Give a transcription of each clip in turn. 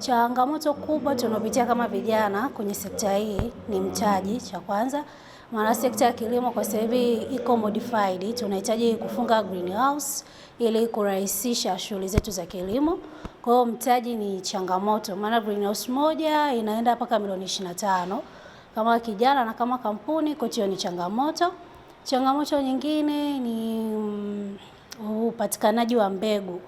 Changamoto kubwa tunaopitia kama vijana kwenye sekta hii ni mtaji, cha kwanza, maana sekta ya kilimo kwa sasa hivi iko modified. Tunahitaji kufunga greenhouse ili kurahisisha shughuli zetu za kilimo. Kwa hiyo mtaji ni changamoto, maana greenhouse moja inaenda mpaka milioni 25. Kama kijana na kama kampuni kwetu hiyo ni changamoto. Changamoto nyingine ni mm, upatikanaji wa mbegu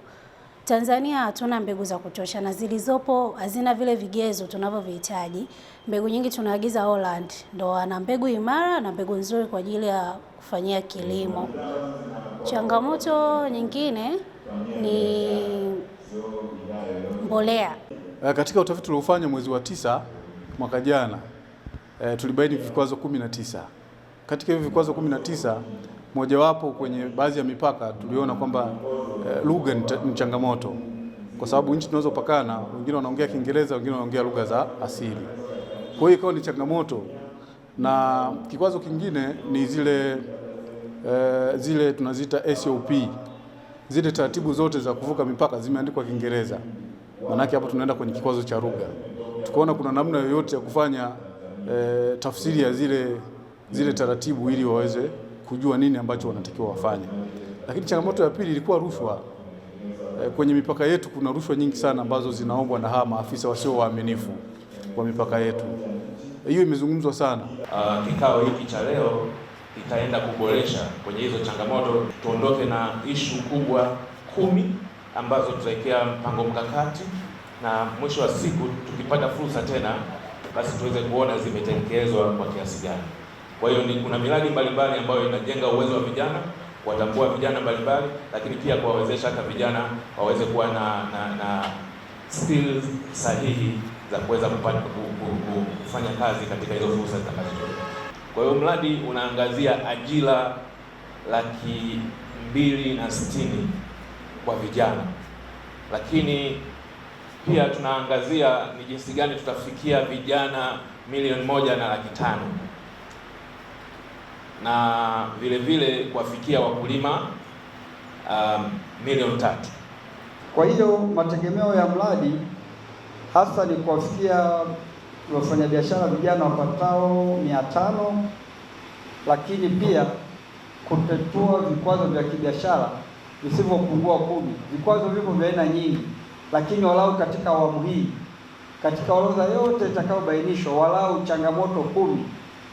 Tanzania hatuna mbegu za kutosha na zilizopo hazina vile vigezo tunavyovihitaji. Mbegu nyingi tunaagiza Holland, ndo ana mbegu imara na mbegu nzuri kwa ajili ya kufanyia kilimo. Changamoto nyingine ni mbolea. Eh, katika utafiti tuliofanya mwezi wa tisa mwaka jana e, tulibaini vikwazo kumi na tisa. Katika hivi vikwazo kumi na tisa mojawapo kwenye baadhi ya mipaka tuliona kwamba Eh, lugha ni changamoto, kwa sababu nchi tunazopakana wengine wanaongea Kiingereza, wengine wanaongea lugha za asili. Kwa hiyo ikawa ni changamoto, na kikwazo kingine ni zile e, zile tunaziita SOP, zile taratibu zote za kuvuka mipaka zimeandikwa Kiingereza. Maanake hapo tunaenda kwenye kikwazo cha lugha, tukaona kuna namna yoyote ya kufanya e, tafsiri ya zile zile taratibu ili waweze kujua nini ambacho wanatakiwa wafanye. Lakini changamoto ya pili ilikuwa rushwa. Eh, kwenye mipaka yetu kuna rushwa nyingi sana ambazo zinaombwa na hawa maafisa wasio waaminifu kwa mipaka yetu. Hiyo imezungumzwa sana. Uh, kikao hiki cha leo itaenda kuboresha kwenye hizo changamoto, tuondoke na ishu kubwa kumi ambazo tutawekea mpango mkakati, na mwisho wa siku tukipata fursa tena, basi tuweze kuona zimetekelezwa kwa kiasi gani. Kwa hiyo ni kuna miradi mbalimbali ambayo inajenga uwezo wa vijana kuwatambua vijana mbalimbali, lakini pia kuwawezesha hata vijana waweze kuwa na, na, na skills sahihi za kuweza kufanya kazi katika hizo fursa zitakazotolewa. Kwa hiyo mradi unaangazia ajira laki mbili na sitini kwa vijana, lakini pia tunaangazia ni jinsi gani tutafikia vijana milioni moja na laki tano na vile vile kuwafikia wakulima um, milioni tatu. Kwa hiyo mategemeo ya mradi hasa ni kuwafikia wafanyabiashara vijana wapatao mia tano, lakini pia kutetua vikwazo vya kibiashara visivyopungua kumi. Vikwazo vipo vya aina nyingi, lakini walau katika awamu hii, katika orodha yote itakayobainishwa, walau changamoto kumi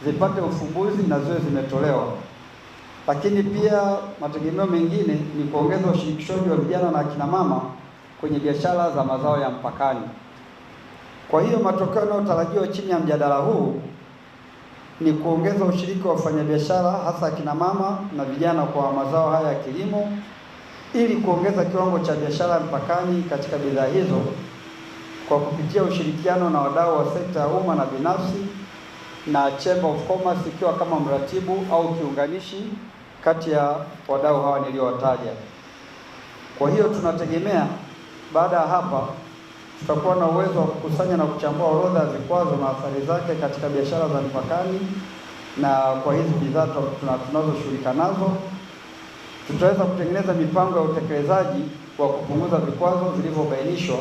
zipate ufumbuzi na ziwe zimetolewa. Lakini pia mategemeo mengine ni kuongeza ushirikishaji wa vijana na akina mama kwenye biashara za mazao ya mpakani. Kwa hiyo matokeo yanayotarajiwa chini ya mjadala huu ni kuongeza ushiriki wa wafanyabiashara hasa akina mama na vijana kwa mazao haya ya kilimo ili kuongeza kiwango cha biashara mpakani katika bidhaa hizo kwa kupitia ushirikiano na wadau wa sekta ya umma na binafsi na Chamber of Commerce ikiwa kama mratibu au kiunganishi kati ya wadau hawa niliowataja. Kwa hiyo tunategemea baada ya hapa tutakuwa na uwezo wa kukusanya na kuchambua orodha ya vikwazo na athari zake katika biashara za mipakani na kwa hizi bidhaa tunazoshughulika nazo, tutaweza kutengeneza mipango ya utekelezaji wa kupunguza vikwazo vilivyobainishwa.